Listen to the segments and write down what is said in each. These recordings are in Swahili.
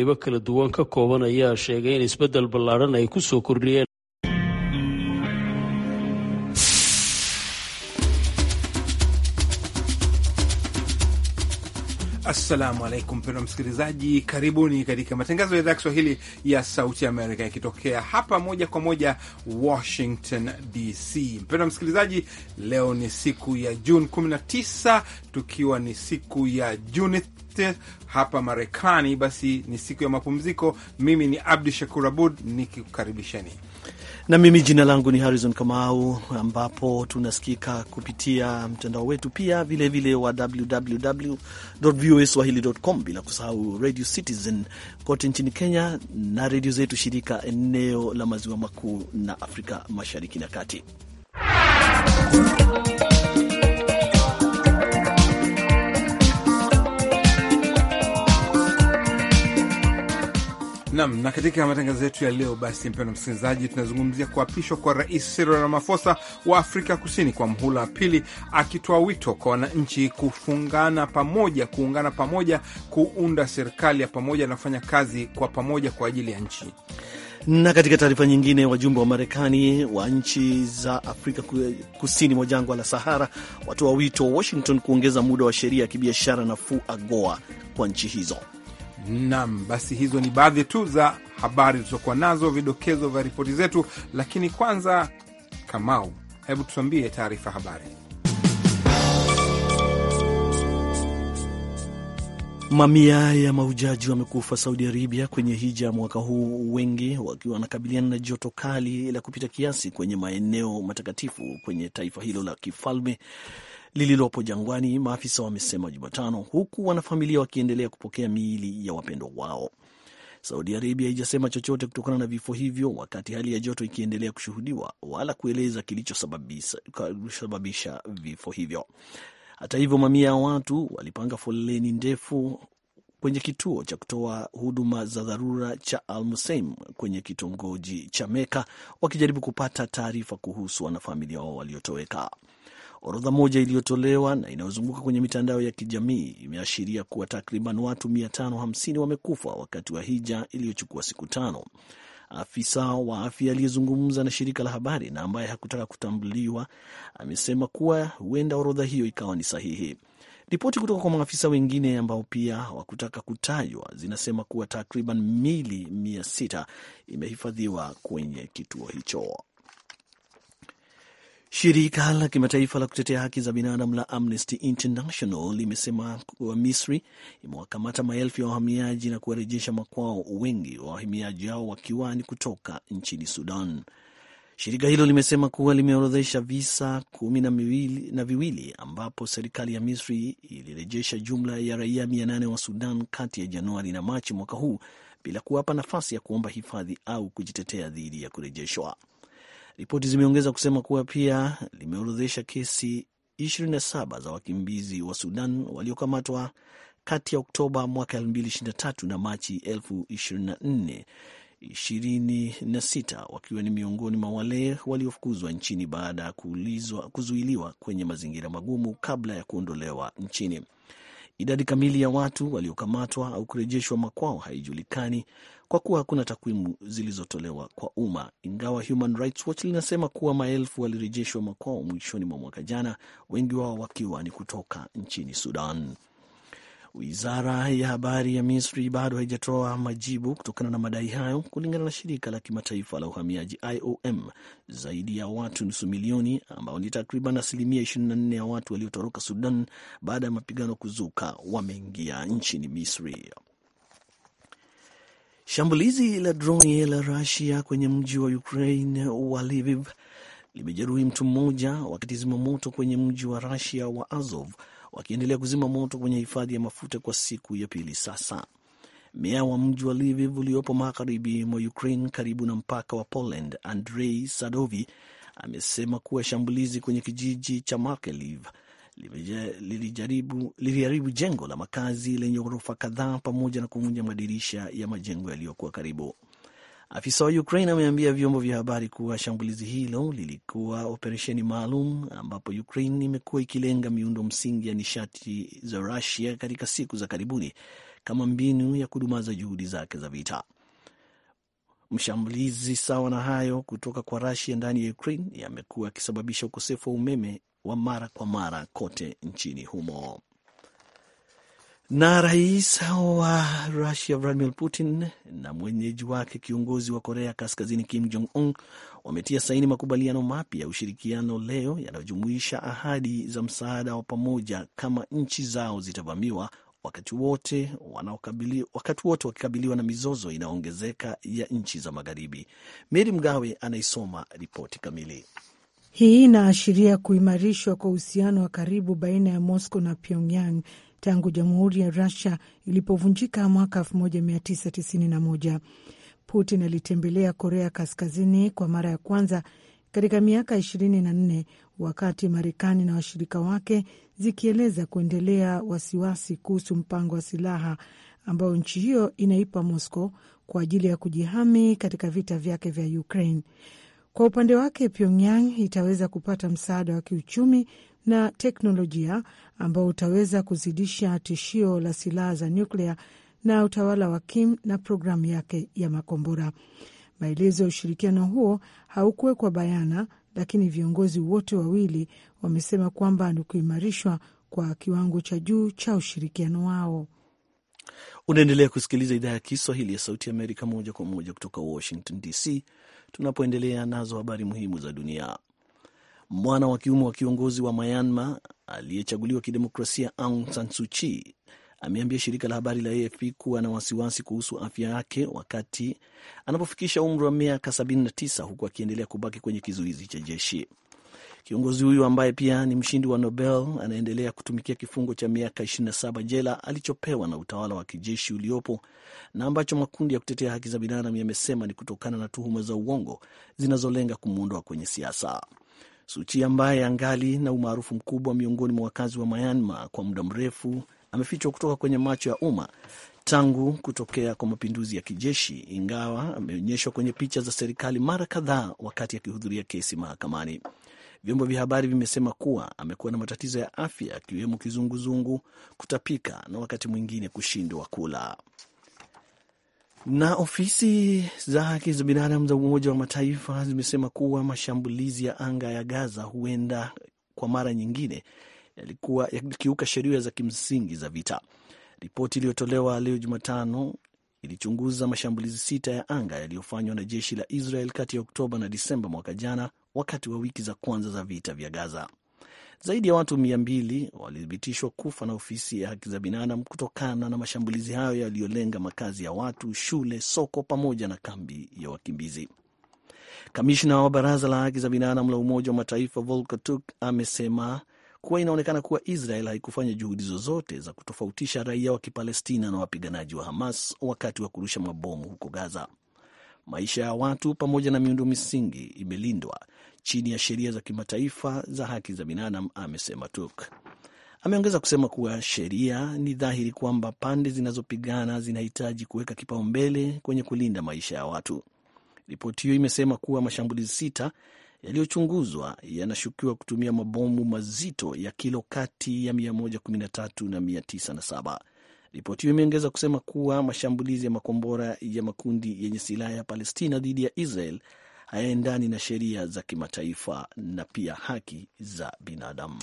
qaybo kala duwan ka kooban ayaa sheegay in isbeddel ballaadhan ay ku soo kordhiyeen Assalamu alaikum mpendwa msikilizaji, karibuni katika matangazo ya idhaa Kiswahili ya Sauti Amerika yakitokea hapa moja kwa moja Washington DC. Mpendwa msikilizaji, leo ni siku ya Juni 19 tukiwa ni siku ya juni Tuesday hapa Marekani. Basi ni siku ya mapumziko. Mimi ni Abdu Shakur Abud nikikukaribisheni na mimi jina langu ni Harrison Kamau, ambapo tunasikika kupitia mtandao wetu pia vilevile vile wa www voa bila kusahau Radio Citizen kote nchini Kenya na redio zetu shirika eneo la maziwa makuu na Afrika mashariki na kati Nam na katika matangazo yetu ya leo basi, mpendwa msikilizaji, tunazungumzia kuapishwa kwa Rais Cyril Ramaphosa wa Afrika Kusini kwa mhula wa pili, akitoa wito kwa wananchi kufungana pamoja, kuungana pamoja, kuunda serikali ya pamoja na kufanya kazi kwa pamoja kwa ajili ya nchi. Na katika taarifa nyingine, wajumbe wa Marekani wa nchi za Afrika kusini mwa jangwa la Sahara watoa wito Washington kuongeza muda wa sheria ya kibiashara nafuu AGOA kwa nchi hizo. Nam, basi hizo ni baadhi tu za habari tulizokuwa nazo, vidokezo vya ripoti zetu. Lakini kwanza, Kamau, hebu tuambie taarifa habari. Mamia ya mahujaji wamekufa Saudi Arabia kwenye hija mwaka huu, wengi wakiwa wanakabiliana na joto kali la kupita kiasi kwenye maeneo matakatifu kwenye taifa hilo la kifalme lililopo jangwani, maafisa wamesema Jumatano, huku wanafamilia wakiendelea kupokea miili ya wapendwa wao. Saudi Arabia haijasema chochote kutokana na vifo hivyo, wakati hali ya joto ikiendelea kushuhudiwa, wala kueleza kilichosababisha vifo hivyo. Hata hivyo, mamia ya watu walipanga foleni ndefu kwenye kituo cha kutoa huduma za dharura cha Al kwenye kitongoji cha Meka wakijaribu kupata taarifa kuhusu wanafamilia wao waliotoweka. Orodha moja iliyotolewa na inayozunguka kwenye mitandao ya kijamii imeashiria kuwa takriban watu 550 wamekufa wakati wa hija iliyochukua siku tano. Afisa wa afya aliyezungumza na shirika la habari na ambaye hakutaka kutambuliwa amesema kuwa huenda orodha hiyo ikawa ni sahihi. Ripoti kutoka kwa maafisa wengine ambao pia hawakutaka kutajwa zinasema kuwa takriban mili mia sita imehifadhiwa kwenye kituo hicho. Shirika la kimataifa la kutetea haki za binadamu la Amnesty International limesema kuwa Misri imewakamata maelfu ya wahamiaji na kuwarejesha makwao, wengi wa wahamiaji hao wakiwa ni kutoka nchini Sudan. Shirika hilo limesema kuwa limeorodhesha visa kumi na viwili ambapo serikali ya Misri ilirejesha jumla ya raia mia nane wa Sudan kati ya Januari na Machi mwaka huu bila kuwapa nafasi ya kuomba hifadhi au kujitetea dhidi ya kurejeshwa. Ripoti zimeongeza kusema kuwa pia limeorodhesha kesi 27 za wakimbizi wa Sudan waliokamatwa kati ya Oktoba mwaka 2023 na Machi 2024 26 wakiwa ni miongoni mwa wale waliofukuzwa nchini baada ya kuzuiliwa kwenye mazingira magumu kabla ya kuondolewa nchini. Idadi kamili ya watu waliokamatwa au kurejeshwa makwao haijulikani kwa kuwa hakuna takwimu zilizotolewa kwa umma, ingawa Human Rights Watch linasema kuwa maelfu walirejeshwa makwao mwishoni mwa mwaka jana, wengi wao wakiwa ni kutoka nchini Sudan. Wizara ya habari ya Misri bado haijatoa majibu kutokana na madai hayo, kulingana na shirika la kimataifa la uhamiaji IOM. Zaidi ya watu nusu milioni ambao ni takriban asilimia 24 ya watu waliotoroka Sudan baada ya mapigano kuzuka wameingia nchini Misri. Shambulizi la droni la Rusia kwenye mji wa Ukraine wa Lviv limejeruhi mtu mmoja wakati zimamoto kwenye mji wa Rusia wa Azov wakiendelea kuzima moto kwenye hifadhi ya mafuta kwa siku ya pili sasa. Meya wa mji wa Lviv uliopo magharibi mwa Ukraine karibu na mpaka wa Poland, Andrei Sadovi amesema kuwa shambulizi kwenye kijiji cha Makeliv liliharibu jengo la makazi lenye ghorofa kadhaa pamoja na kuvunja madirisha ya majengo yaliyokuwa karibu. Afisa wa Ukraine ameambia vyombo vya habari kuwa shambulizi hilo lilikuwa operesheni maalum ambapo Ukraine imekuwa ikilenga miundo msingi ya nishati za Rusia katika siku za karibuni kama mbinu ya kudumaza juhudi zake za vita. Mshambulizi sawa na hayo kutoka kwa Rusia ndani ya Ukraine yamekuwa yakisababisha ukosefu wa umeme wa mara kwa mara kote nchini humo na rais wa Rusia Vladimir Putin na mwenyeji wake kiongozi wa Korea Kaskazini Kim Jong Un wametia saini makubaliano mapya ya ushirikiano leo yanayojumuisha ahadi za msaada wa pamoja kama nchi zao zitavamiwa, wakati wote wakikabiliwa na mizozo inayoongezeka ya nchi za Magharibi. Meri Mgawe anaisoma ripoti kamili. Hii inaashiria kuimarishwa kwa uhusiano wa karibu baina ya Moscow na Pyongyang tangu jamhuri ya Rusia ilipovunjika mwaka 1991. Putin alitembelea Korea Kaskazini kwa mara ya kwanza katika miaka nne wakati Marekani na washirika wake zikieleza kuendelea wasiwasi kuhusu mpango wa silaha ambayo nchi hiyo inaipa Moscow kwa ajili ya kujihami katika vita vyake vya Ukraine. Kwa upande wake, Pyongyang itaweza kupata msaada wa kiuchumi na teknolojia ambao utaweza kuzidisha tishio la silaha za nyuklia na utawala wa Kim na programu yake ya makombora. Maelezo ya ushirikiano huo haukuwekwa bayana, lakini viongozi wote wawili wamesema kwamba ni kuimarishwa kwa kiwango cha juu cha ushirikiano wao. Unaendelea kusikiliza idhaa ya Kiswahili ya Sauti ya Amerika moja kwa moja kutoka Washington DC, tunapoendelea nazo habari muhimu za dunia mwana wa kiume wa kiongozi wa Myanmar aliyechaguliwa kidemokrasia Aung San Suu Kyi ameambia shirika la habari la AFP kuwa na wasiwasi kuhusu afya yake wakati anapofikisha umri wa miaka 79 huku akiendelea kubaki kwenye kizuizi cha jeshi. Kiongozi huyu ambaye pia ni mshindi wa Nobel anaendelea kutumikia kifungo cha miaka 27 jela alichopewa na utawala wa kijeshi uliopo na ambacho makundi ya kutetea haki za binadamu yamesema ni kutokana na tuhuma za uongo zinazolenga kumwondoa kwenye siasa. Suchi ambaye angali na umaarufu mkubwa miongoni mwa wakazi wa Myanmar kwa muda mrefu amefichwa kutoka kwenye macho ya umma tangu kutokea kwa mapinduzi ya kijeshi, ingawa ameonyeshwa kwenye picha za serikali mara kadhaa wakati akihudhuria kesi mahakamani. Vyombo vya habari vimesema kuwa amekuwa na matatizo ya afya akiwemo kizunguzungu, kutapika na wakati mwingine kushindwa kula. Na ofisi za haki za binadamu za Umoja wa Mataifa zimesema kuwa mashambulizi ya anga ya Gaza huenda kwa mara nyingine yalikuwa yakiuka sheria za kimsingi za vita. Ripoti iliyotolewa leo Jumatano ilichunguza mashambulizi sita ya anga yaliyofanywa na jeshi la Israel kati ya Oktoba na Disemba mwaka jana, wakati wa wiki za kwanza za vita vya Gaza. Zaidi ya watu mia mbili walithibitishwa kufa na ofisi ya haki za binadamu kutokana na mashambulizi hayo yaliyolenga makazi ya watu, shule, soko pamoja na kambi ya wakimbizi. Kamishna wa baraza la haki za binadamu la Umoja wa Mataifa Volker Turk amesema kuwa inaonekana kuwa Israel haikufanya juhudi zozote za kutofautisha raia wa Kipalestina na wapiganaji wa Hamas wakati wa kurusha mabomu huko Gaza. Maisha ya watu pamoja na miundo misingi imelindwa chini ya sheria za kimataifa za haki za binadamu, amesema Turk. Ameongeza kusema kuwa sheria ni dhahiri kwamba pande zinazopigana zinahitaji kuweka kipaumbele kwenye kulinda maisha ya watu. Ripoti hiyo imesema kuwa mashambulizi sita yaliyochunguzwa yanashukiwa kutumia mabomu mazito ya kilo kati ya 113 na 97. Ripoti hiyo imeongeza kusema kuwa mashambulizi ya makombora ya makundi yenye silaha ya Palestina dhidi ya Israel hayaendani na sheria za kimataifa na pia haki za binadamu.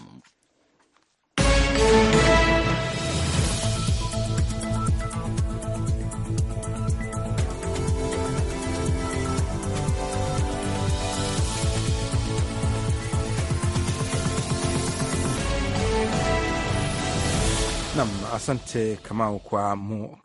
Nam, asante Kamau kwa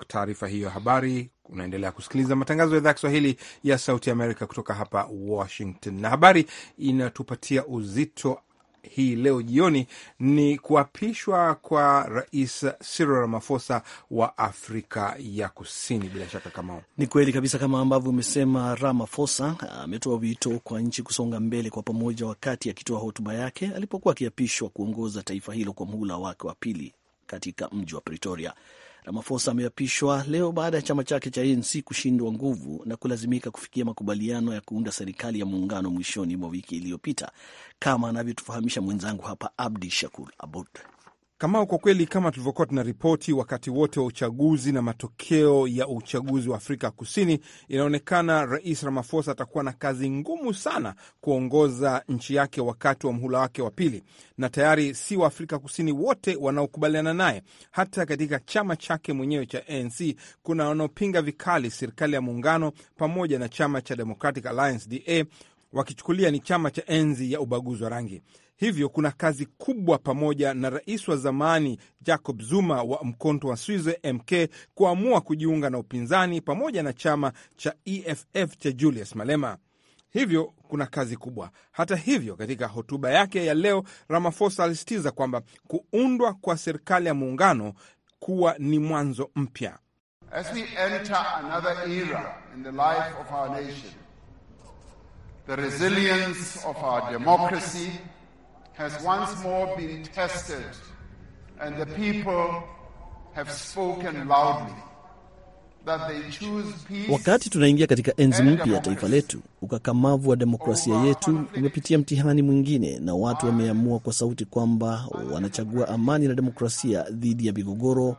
taarifa hiyo habari. Unaendelea kusikiliza matangazo ya idhaa ya Kiswahili ya Sauti Amerika kutoka hapa Washington, na habari inatupatia uzito hii leo jioni ni kuapishwa kwa Rais Cyril Ramaphosa wa Afrika ya Kusini. Bila shaka kama ni kweli kabisa kama ambavyo umesema, Ramaphosa ametoa wito kwa nchi kusonga mbele kwa pamoja wakati akitoa hotuba yake alipokuwa akiapishwa kuongoza taifa hilo kwa muhula wake wa pili katika mji wa Pretoria. ramafosa ameapishwa leo baada ya chama chake cha ANC kushindwa nguvu na kulazimika kufikia makubaliano ya kuunda serikali ya muungano mwishoni mwa wiki iliyopita, kama anavyotufahamisha mwenzangu hapa Abdi Shakur Abud kamao kwa kweli kama tulivyokuwa tuna ripoti wakati wote wa uchaguzi na matokeo ya uchaguzi wa Afrika Kusini, inaonekana Rais Ramaphosa atakuwa na kazi ngumu sana kuongoza nchi yake wakati wa mhula wake wa pili, na tayari si wa Afrika Kusini wote wanaokubaliana naye. Hata katika chama chake mwenyewe cha ANC kuna wanaopinga vikali serikali ya muungano pamoja na chama cha Democratic Alliance DA wakichukulia ni chama cha enzi ya ubaguzi wa rangi. Hivyo kuna kazi kubwa, pamoja na rais wa zamani Jacob Zuma wa Mkonto wa swize MK kuamua kujiunga na upinzani pamoja na chama cha EFF cha Julius Malema. Hivyo kuna kazi kubwa. Hata hivyo, katika hotuba yake ya leo, Ramaphosa alisitiza kwamba kuundwa kwa serikali ya muungano kuwa ni mwanzo mpya. The resilience of our democracy has once more been tested, and the people have spoken loudly. Wakati tunaingia katika enzi mpya ya taifa letu, ukakamavu wa demokrasia yetu umepitia mtihani mwingine, na watu wameamua kwa sauti kwamba wanachagua amani na demokrasia dhidi ya migogoro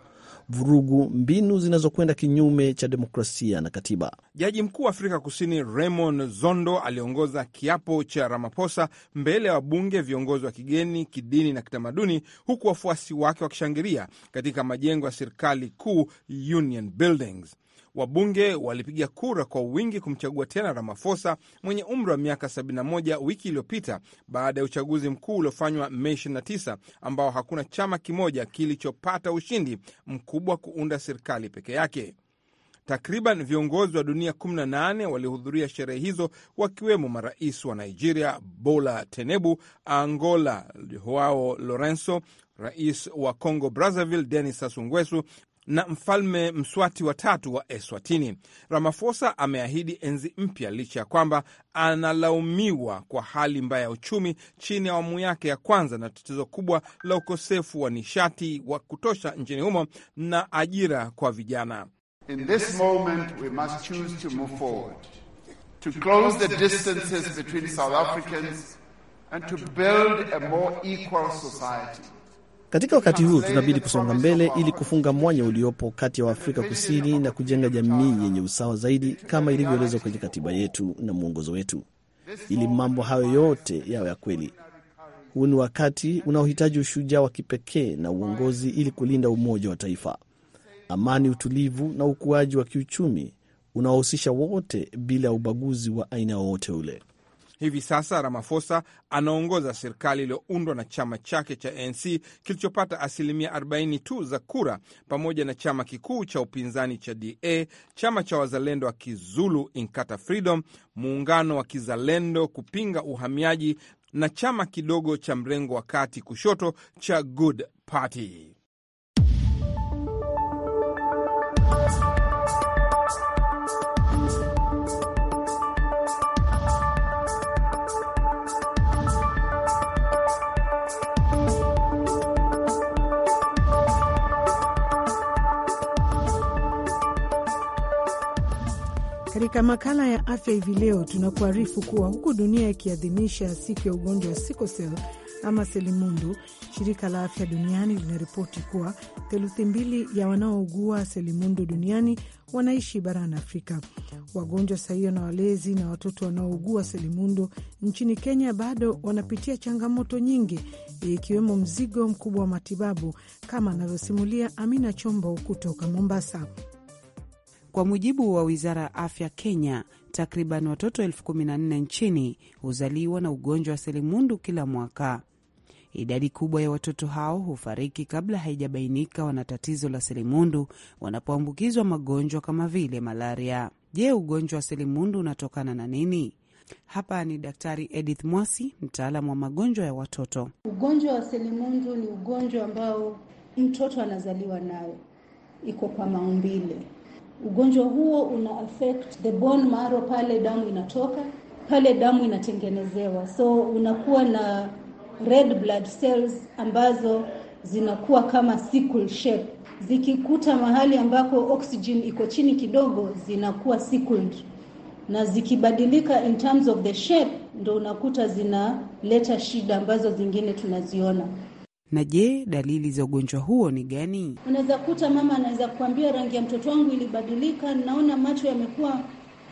vurugu, mbinu zinazokwenda kinyume cha demokrasia na katiba. Jaji mkuu wa Afrika Kusini Raymond Zondo aliongoza kiapo cha Ramaphosa mbele ya wabunge, viongozi wa kigeni, kidini na kitamaduni, huku wafuasi wake wakishangilia katika majengo ya serikali kuu Union Buildings. Wabunge walipiga kura kwa wingi kumchagua tena ramafosa mwenye umri wa miaka 71 wiki iliyopita baada ya uchaguzi mkuu uliofanywa Mei 29 ambao hakuna chama kimoja kilichopata ushindi mkubwa kuunda serikali peke yake. Takriban viongozi wa dunia 18 walihudhuria sherehe hizo wakiwemo marais wa Nigeria Bola Tinubu, Angola Joao Lorenzo, rais wa Congo Brazzaville Denis Sassou Nguesso na mfalme Mswati wa tatu wa Eswatini. ramafosa ameahidi enzi mpya licha ya kwamba analaumiwa kwa hali mbaya ya uchumi chini ya awamu yake ya kwanza na tatizo kubwa la ukosefu wa nishati wa kutosha nchini humo na ajira kwa vijana. In this moment we must choose to move forward, to close the distances between South Africans and to build a more equal society. Katika wakati huu tunabidi kusonga mbele ili kufunga mwanya uliopo kati ya Waafrika Kusini na kujenga jamii yenye usawa zaidi kama ilivyoelezwa kwenye katiba yetu na mwongozo wetu, ili mambo hayo yote yawe ya kweli. Huu ni wakati unaohitaji ushujaa wa kipekee na uongozi ili kulinda umoja wa taifa, amani, utulivu na ukuaji wa kiuchumi unaohusisha wote bila ya ubaguzi wa aina yoyote ule. Hivi sasa ramafosa anaongoza serikali iliyoundwa na chama chake cha ANC kilichopata asilimia 40 tu za kura, pamoja na chama kikuu cha upinzani cha DA, chama cha wazalendo wa Kizulu Inkatha Freedom, muungano wa kizalendo kupinga uhamiaji na chama kidogo cha mrengo wa kati kushoto cha Good Party. Katika makala ya afya hivi leo tunakuarifu kuwa huku dunia ikiadhimisha siku ya ugonjwa wa sikosel ama selimundu, shirika la afya duniani linaripoti kuwa theluthi mbili ya wanaougua selimundu duniani wanaishi barani Afrika. Wagonjwa sahio na walezi na watoto wanaougua selimundu nchini Kenya bado wanapitia changamoto nyingi, ikiwemo mzigo mkubwa wa matibabu, kama anavyosimulia Amina Chombo kutoka Mombasa. Kwa mujibu wa wizara ya afya Kenya, takriban watoto elfu kumi na nne nchini huzaliwa na ugonjwa wa selimundu kila mwaka. Idadi kubwa ya watoto hao hufariki kabla haijabainika wana tatizo la selimundu wanapoambukizwa magonjwa kama vile malaria. Je, ugonjwa wa selimundu unatokana na nini? Hapa ni Daktari Edith Mwasi, mtaalamu wa magonjwa ya watoto. Ugonjwa wa selimundu ni ugonjwa ambao mtoto anazaliwa nayo, iko kwa maumbile Ugonjwa huo una affect the bone marrow, pale damu inatoka pale, damu inatengenezewa, so unakuwa na red blood cells ambazo zinakuwa kama sickle shape. Zikikuta mahali ambako oxygen iko chini kidogo, zinakuwa sickled, na zikibadilika in terms of the shape, ndo unakuta zinaleta shida ambazo zingine tunaziona. Na je, dalili za ugonjwa huo ni gani? Unaweza kuta mama anaweza kuambia rangi ya mtoto wangu ilibadilika, naona macho yamekuwa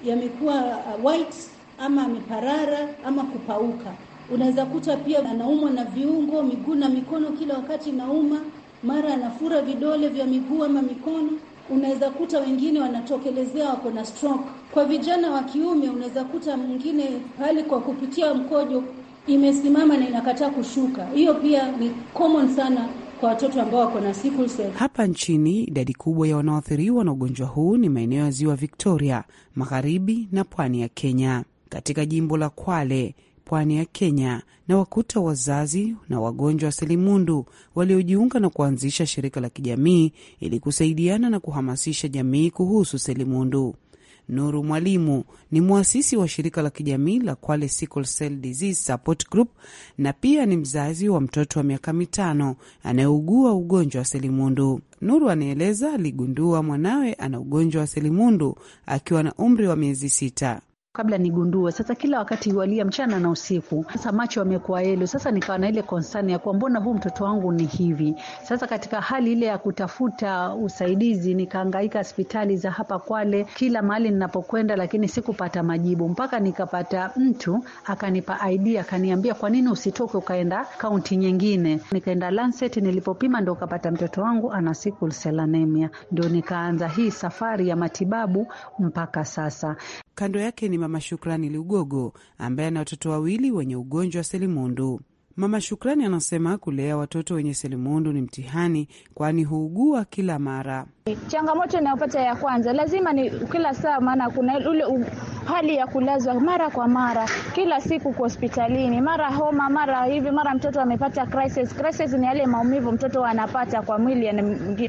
yamekuwa uh, white ama ameparara ama kupauka. Unaweza kuta pia anaumwa na viungo, miguu na mikono, kila wakati nauma, mara anafura vidole vya miguu ama mikono. Unaweza kuta wengine wanatokelezea wako na stroke. Kwa vijana wa kiume, unaweza kuta mwingine hali kwa kupitia mkojo imesimama na inakataa kushuka. Hiyo pia ni common sana kwa watoto ambao wako na sickle cell. Hapa nchini idadi kubwa ya wanaoathiriwa na ugonjwa huu ni maeneo ya ziwa Victoria, magharibi na pwani ya Kenya, katika jimbo la Kwale pwani ya Kenya na wakuta wazazi na wagonjwa wa selimundu waliojiunga na kuanzisha shirika la kijamii ili kusaidiana na kuhamasisha jamii kuhusu selimundu. Nuru Mwalimu ni mwasisi wa shirika la kijamii la Kwale Sickle Cell Disease Support Group na pia ni mzazi wa mtoto wa miaka mitano anayeugua ugonjwa wa selimundu. Nuru anaeleza aligundua mwanawe ana ugonjwa wa selimundu akiwa na umri wa miezi sita kabla nigundue. Sasa kila wakati walia mchana na usiku, sasa macho yamekuwa yelo. Sasa nikawa na ile concern ya kuwa mbona huu mtoto wangu ni hivi. Sasa katika hali ile ya kutafuta usaidizi, nikahangaika hospitali za hapa Kwale, kila mahali ninapokwenda, lakini sikupata majibu, mpaka nikapata mtu akanipa idea, akaniambia kwa nini usitoke ukaenda kaunti nyingine. Nikaenda Lancet, nilipopima ndo kapata mtoto wangu ana sickle cell anemia, ndo nikaanza hii safari ya matibabu mpaka sasa. Kando yake ni Mama Shukrani liugogo ambaye ana watoto wawili wenye ugonjwa wa selimundu. Mama Shukrani anasema kulea watoto wenye selimundu ni mtihani, kwani huugua kila mara. Changamoto inayopata ya kwanza lazima ni kila saa, maana kuna ule hali ya kulazwa mara kwa mara, kila siku kwa hospitalini, mara homa, mara hivi, mara mtoto amepata crisis. Crisis ni yale maumivu mtoto anapata kwa mwili,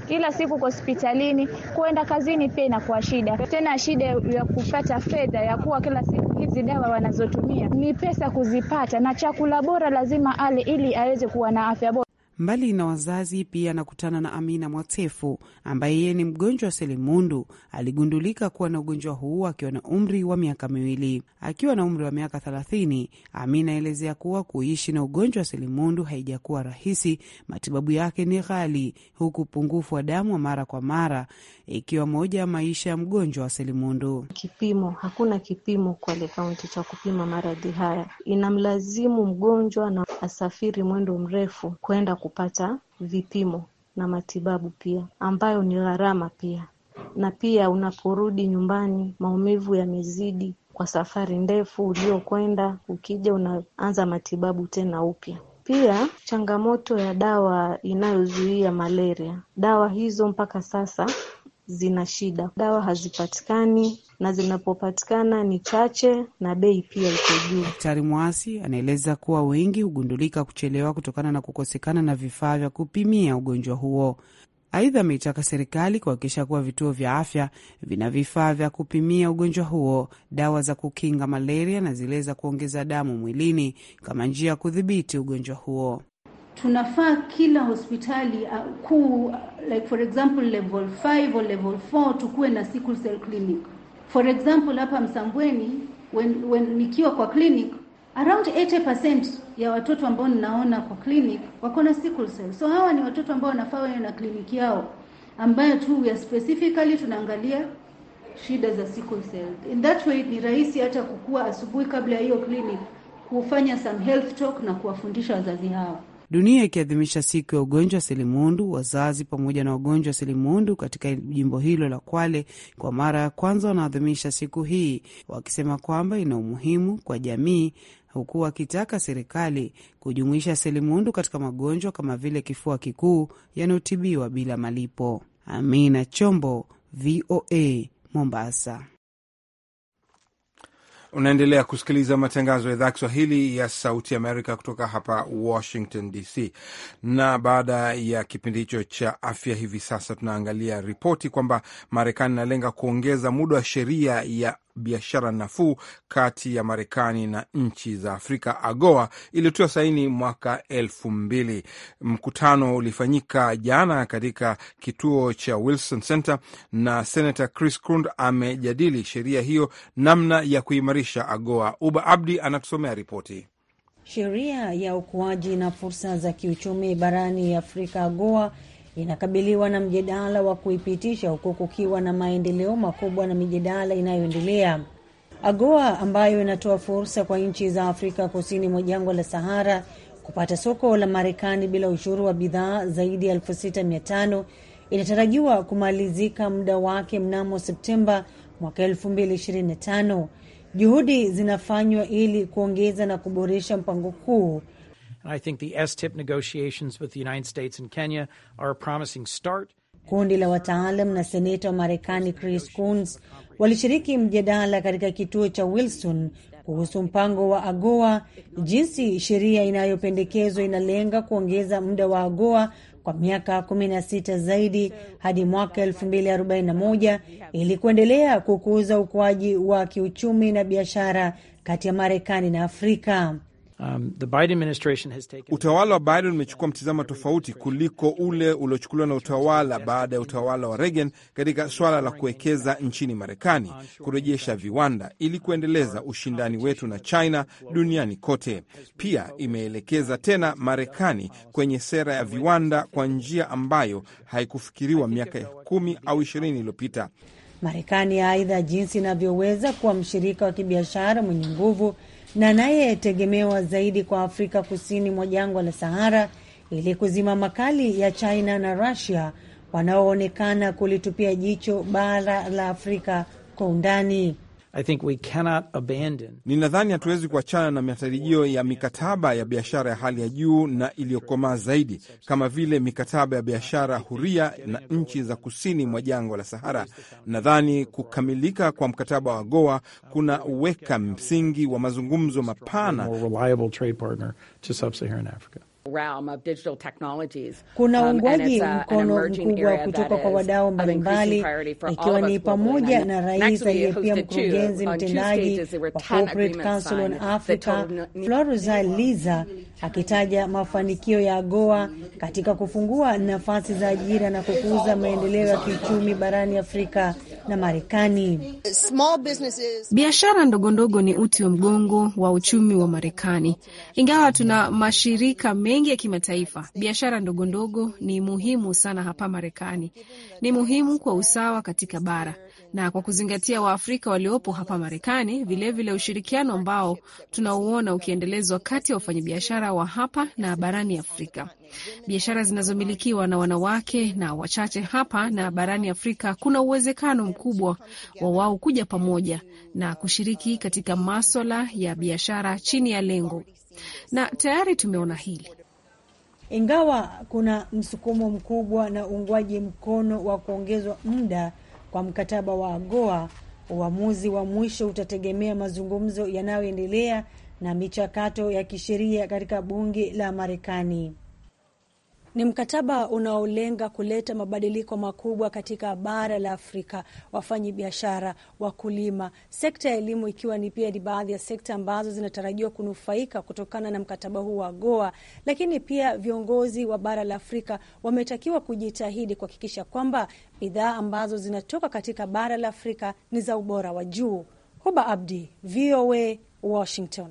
kila siku kwa hospitalini. Kuenda kazini pia inakuwa shida, tena shida ya kupata fedha ya kuwa kila siku hizi dawa wanazotumia ni pesa kuzipata, na chakula bora lazima ale ili aweze kuwa na afya bora. Mbali na wazazi, pia anakutana na Amina Mwatefu ambaye yeye ni mgonjwa wa selimundu. Aligundulika kuwa na ugonjwa huu akiwa na umri wa miaka miwili. Akiwa na umri wa miaka thelathini, Amina aelezea kuwa kuishi na ugonjwa wa selimundu haijakuwa rahisi. Matibabu yake ni ghali, huku upungufu wa damu wa mara kwa mara ikiwa moja ya maisha ya mgonjwa wa selimundu. Kipimo, hakuna kipimo Kwale Kaunti cha kupima maradhi haya, inamlazimu mgonjwa na asafiri mwendo mrefu kwenda ku kupata vipimo na matibabu pia ambayo ni gharama pia na pia unaporudi nyumbani maumivu yamezidi kwa safari ndefu uliokwenda, ukija unaanza matibabu tena upya. Pia changamoto ya dawa inayozuia malaria, dawa hizo mpaka sasa zina shida dawa hazipatikani na zinapopatikana ni chache na bei pia iko juu. Daktari Mwasi anaeleza kuwa wengi hugundulika kuchelewa kutokana na kukosekana na vifaa vya kupimia ugonjwa huo. Aidha, ameitaka serikali kuhakikisha kuwa vituo vya afya vina vifaa vya kupimia ugonjwa huo, dawa za kukinga malaria na zile za kuongeza damu mwilini kama njia ya kudhibiti ugonjwa huo tunafaa kila hospitali uh, kuu uh, like for example level 5 or level 4 tukuwe na sickle cell clinic. For example hapa Msambweni when, when nikiwa kwa clinic around 80% ya watoto ambao ninaona kwa clinic wako na sickle cell. So hawa ni watoto ambao wanafaa wawe na clinic yao ambayo tu ya specifically tunaangalia shida za sickle cell. In that way ni rahisi hata kukua asubuhi kabla ya hiyo clinic kufanya some health talk na kuwafundisha wazazi hao dunia ikiadhimisha siku ya ugonjwa selimundu. Wazazi pamoja na wagonjwa wa selimundu katika jimbo hilo la Kwale kwa mara ya kwanza wanaadhimisha siku hii wakisema kwamba ina umuhimu kwa jamii huku wakitaka serikali kujumuisha selimundu katika magonjwa kama vile kifua kikuu yanayotibiwa bila malipo. Amina Chombo, VOA, Mombasa. Unaendelea kusikiliza matangazo ya idhaa Kiswahili ya Sauti Amerika kutoka hapa Washington DC. Na baada ya kipindi hicho cha afya, hivi sasa tunaangalia ripoti kwamba Marekani inalenga kuongeza muda wa sheria ya biashara nafuu kati ya Marekani na nchi za Afrika, AGOA, iliyotiwa saini mwaka elfu mbili. Mkutano ulifanyika jana katika kituo cha Wilson Center na Senator Chris Coons amejadili sheria hiyo, namna ya kuimarisha AGOA. Uba Abdi anatusomea ripoti. Sheria ya ukuaji na fursa za kiuchumi barani Afrika, AGOA inakabiliwa na mjadala wa kuipitisha huku kukiwa na maendeleo makubwa na mijadala inayoendelea. AGOA ambayo inatoa fursa kwa nchi za Afrika kusini mwa jangwa la Sahara kupata soko la Marekani bila ushuru wa bidhaa zaidi ya 65 inatarajiwa kumalizika muda wake mnamo Septemba mwaka 225 Juhudi zinafanywa ili kuongeza na kuboresha mpango kuu And I think the STIP negotiations with the United States and Kenya are a promising start. Kundi la wataalam na seneta wa Marekani Chris Coons walishiriki mjadala katika kituo cha Wilson kuhusu mpango wa AGOA, jinsi sheria inayopendekezwa inalenga kuongeza muda wa AGOA kwa miaka 16 zaidi hadi mwaka 2041 ili kuendelea kukuza ukuaji wa kiuchumi na biashara kati ya Marekani na Afrika. Um, the Biden administration has taken... utawala wa Biden umechukua mtizamo tofauti kuliko ule uliochukuliwa na utawala baada ya utawala wa Reagan katika swala la kuwekeza nchini Marekani, kurejesha viwanda ili kuendeleza ushindani wetu na China duniani kote. Pia imeelekeza tena Marekani kwenye sera ya viwanda kwa njia ambayo haikufikiriwa miaka kumi au ishirini iliyopita. Marekani aidha, jinsi inavyoweza kuwa mshirika wa kibiashara mwenye nguvu na anayetegemewa zaidi kwa Afrika kusini mwa jangwa la Sahara ili kuzima makali ya China na Russia wanaoonekana kulitupia jicho bara la Afrika kwa undani. I think we cannot abandon. Ninadhani hatuwezi kuachana na matarajio ya mikataba ya biashara ya hali ya juu na iliyokomaa zaidi kama vile mikataba ya biashara huria na nchi za kusini mwa jangwa la Sahara. Nadhani kukamilika kwa mkataba wa Goa kuna uweka msingi wa mazungumzo mapana. Kuna um, uungwaji mkono mkubwa kutoka kwa wadau mbalimbali, ikiwa ni pamoja na rais aliyepia mkurugenzi mtendaji wa Corporate Council on Africa Liza, akitaja mafanikio ya AGOA katika kufungua nafasi za ajira na kukuza maendeleo ya kiuchumi barani Afrika na Marekani. Biashara ndogondogo ni uti wa mgongo wa uchumi wa Marekani. Ingawa tuna mashirika mengi ya kimataifa, biashara ndogondogo ni muhimu sana hapa Marekani. Ni muhimu kwa usawa katika bara na kwa kuzingatia Waafrika waliopo hapa Marekani, vilevile ushirikiano ambao tunauona ukiendelezwa kati ya wafanyabiashara wa hapa na barani Afrika. Biashara zinazomilikiwa na wanawake na wachache hapa na barani Afrika, kuna uwezekano mkubwa wa wao kuja pamoja na kushiriki katika maswala ya biashara chini ya lengo, na tayari tumeona hili. Ingawa kuna msukumo mkubwa na uungwaji mkono wa kuongezwa muda kwa mkataba wa AGOA, uamuzi wa mwisho utategemea mazungumzo yanayoendelea na michakato ya kisheria katika bunge la Marekani. Ni mkataba unaolenga kuleta mabadiliko makubwa katika bara la Afrika, wafanyi biashara, wakulima, sekta ya elimu, ikiwa ni pia ni baadhi ya sekta ambazo zinatarajiwa kunufaika kutokana na mkataba huu wa AGOA. Lakini pia viongozi wa bara la Afrika wametakiwa kujitahidi kuhakikisha kwamba bidhaa ambazo zinatoka katika bara la Afrika ni za ubora wa juu. Huba Abdi, VOA, Washington.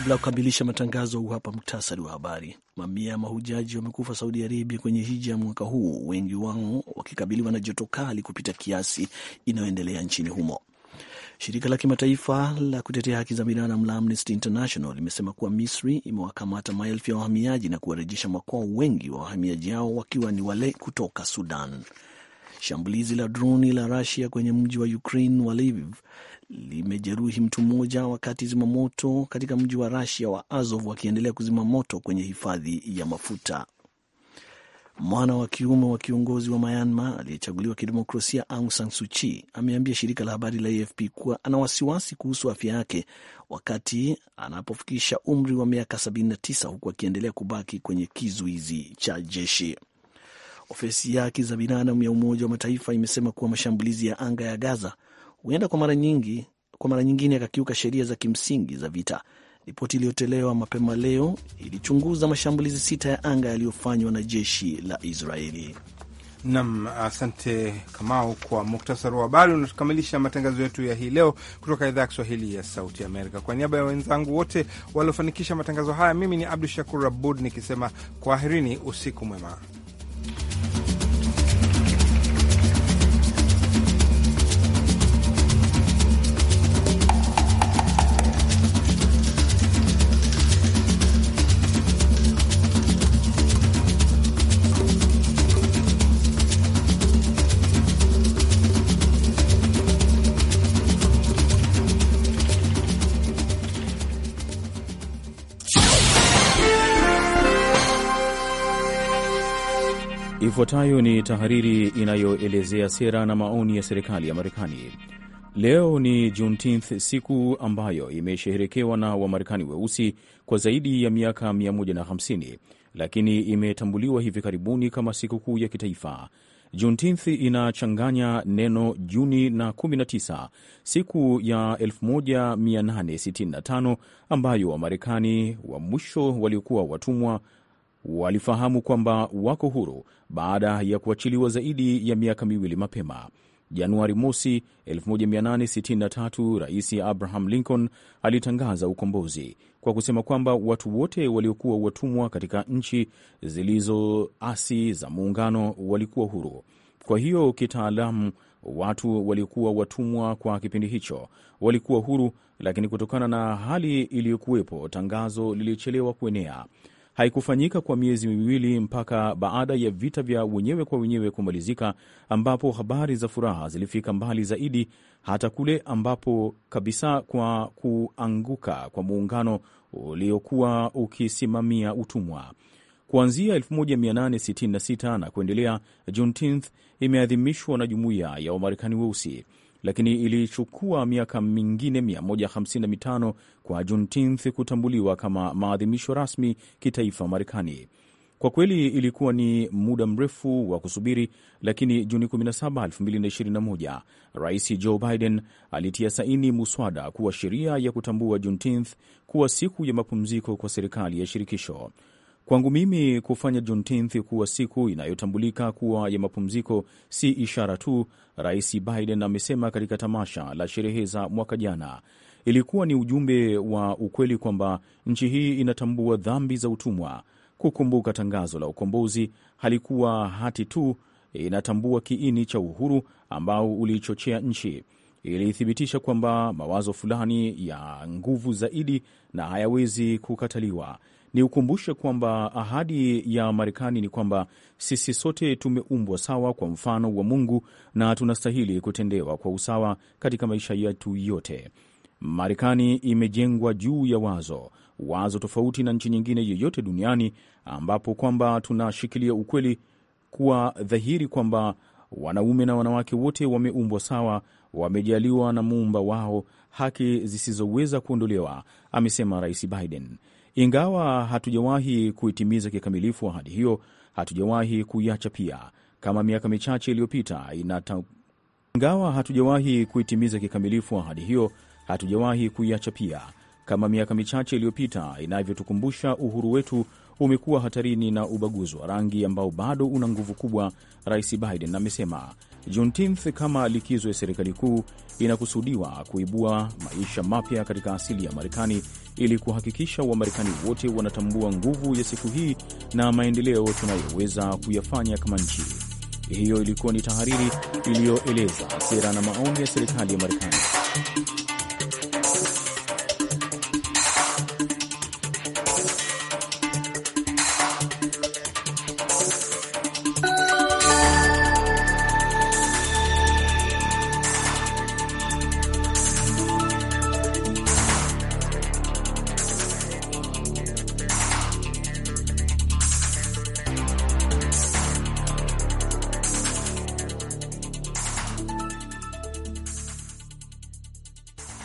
Kabla ya kukamilisha matangazo, huu hapa muktasari wa habari. Mamia ya mahujaji wamekufa Saudi Arabia kwenye hija mwaka huu, wengi wao wakikabiliwa na joto kali kupita kiasi inayoendelea nchini humo. Shirika la kimataifa la kutetea haki za binadamu la Amnesty International limesema kuwa Misri imewakamata maelfu ya wahamiaji na kuwarejesha makwao, wengi wa wahamiaji hao wakiwa ni wale kutoka Sudan. Shambulizi la droni la Rusia kwenye mji wa Ukraine wa Lviv limejeruhi mtu mmoja, wakati zimamoto katika mji wa Rusia wa Azov wakiendelea kuzima moto kwenye hifadhi ya mafuta. Mwana wa kiume wa kiongozi wa Myanmar aliyechaguliwa kidemokrasia Aung San Suu Kyi ameambia shirika la habari la AFP kuwa ana wasiwasi kuhusu afya yake wakati anapofikisha umri wa miaka 79 huku akiendelea kubaki kwenye kizuizi cha jeshi. Ofisi ya haki za binadamu ya Umoja wa Mataifa imesema kuwa mashambulizi ya anga ya Gaza huenda kwa mara nyingi kwa mara nyingine yakakiuka sheria za kimsingi za vita. Ripoti iliyotolewa mapema leo ilichunguza mashambulizi sita ya anga yaliyofanywa na jeshi la Israeli. Nam, asante Kamau kwa muktasari wa habari. unatukamilisha matangazo yetu ya hii leo kutoka idhaa ya Kiswahili ya Sauti Amerika. Kwa niaba ya wenzangu wote waliofanikisha matangazo haya, mimi ni Abdu Shakur Abud nikisema kwaherini, usiku mwema. Ifuatayo ni tahariri inayoelezea sera na maoni ya serikali ya Marekani. Leo ni Juneteenth, siku ambayo imesheherekewa na Wamarekani weusi kwa zaidi ya miaka 150 lakini imetambuliwa hivi karibuni kama sikukuu ya kitaifa. Juneteenth inachanganya neno Juni na 19, siku ya 1865 ambayo Wamarekani wa mwisho waliokuwa watumwa walifahamu kwamba wako huru baada ya kuachiliwa zaidi ya miaka miwili mapema. Januari mosi 1863 Rais Abraham Lincoln alitangaza ukombozi kwa kusema kwamba watu wote waliokuwa watumwa katika nchi zilizoasi za muungano walikuwa huru. Kwa hiyo kitaalamu, watu waliokuwa watumwa kwa kipindi hicho walikuwa huru, lakini kutokana na hali iliyokuwepo, tangazo lilichelewa kuenea haikufanyika kwa miezi miwili mpaka baada ya vita vya wenyewe kwa wenyewe kumalizika, ambapo habari za furaha zilifika mbali zaidi, hata kule ambapo kabisa kwa kuanguka kwa muungano uliokuwa ukisimamia utumwa kuanzia 1866 na kuendelea. Juneteenth imeadhimishwa na jumuiya ya Wamarekani weusi lakini ilichukua miaka mingine 155 kwa Juneteenth kutambuliwa kama maadhimisho rasmi kitaifa Marekani. Kwa kweli ilikuwa ni muda mrefu wa kusubiri, lakini Juni 17, 2021 Rais Joe Biden alitia saini muswada kuwa sheria ya kutambua Juneteenth kuwa siku ya mapumziko kwa serikali ya shirikisho. Kwangu mimi kufanya Juneteenth kuwa siku inayotambulika kuwa ya mapumziko si ishara tu, Rais Biden amesema katika tamasha la sherehe za mwaka jana. Ilikuwa ni ujumbe wa ukweli kwamba nchi hii inatambua dhambi za utumwa. Kukumbuka tangazo la ukombozi halikuwa hati tu, inatambua kiini cha uhuru ambao ulichochea nchi ilithibitisha kwamba mawazo fulani ya nguvu zaidi na hayawezi kukataliwa ni ukumbushe kwamba ahadi ya Marekani ni kwamba sisi sote tumeumbwa sawa kwa mfano wa Mungu na tunastahili kutendewa kwa usawa katika maisha yetu yote. Marekani imejengwa juu ya wazo wazo tofauti na nchi nyingine yoyote duniani, ambapo kwamba tunashikilia ukweli kuwa dhahiri kwamba wanaume na wanawake wote wameumbwa sawa, wamejaliwa na muumba wao haki zisizoweza kuondolewa, amesema Rais Biden. Ingawa hatujawahi kuitimiza kikamilifu ahadi hiyo, hatujawahi kuiacha pia. Kama miaka michache iliyopita inata... ingawa hatujawahi kuitimiza kikamilifu ahadi hiyo, hatujawahi kuiacha pia kama miaka michache iliyopita inavyotukumbusha, uhuru wetu umekuwa hatarini na ubaguzi wa rangi ambao bado una nguvu kubwa, Rais Biden amesema. Juneteenth kama likizo ya serikali kuu inakusudiwa kuibua maisha mapya katika asili ya Marekani ili kuhakikisha Wamarekani wote wanatambua nguvu ya siku hii na maendeleo tunayoweza kuyafanya kama nchi. Hiyo ilikuwa ni tahariri iliyoeleza sera na maoni ya serikali ya Marekani.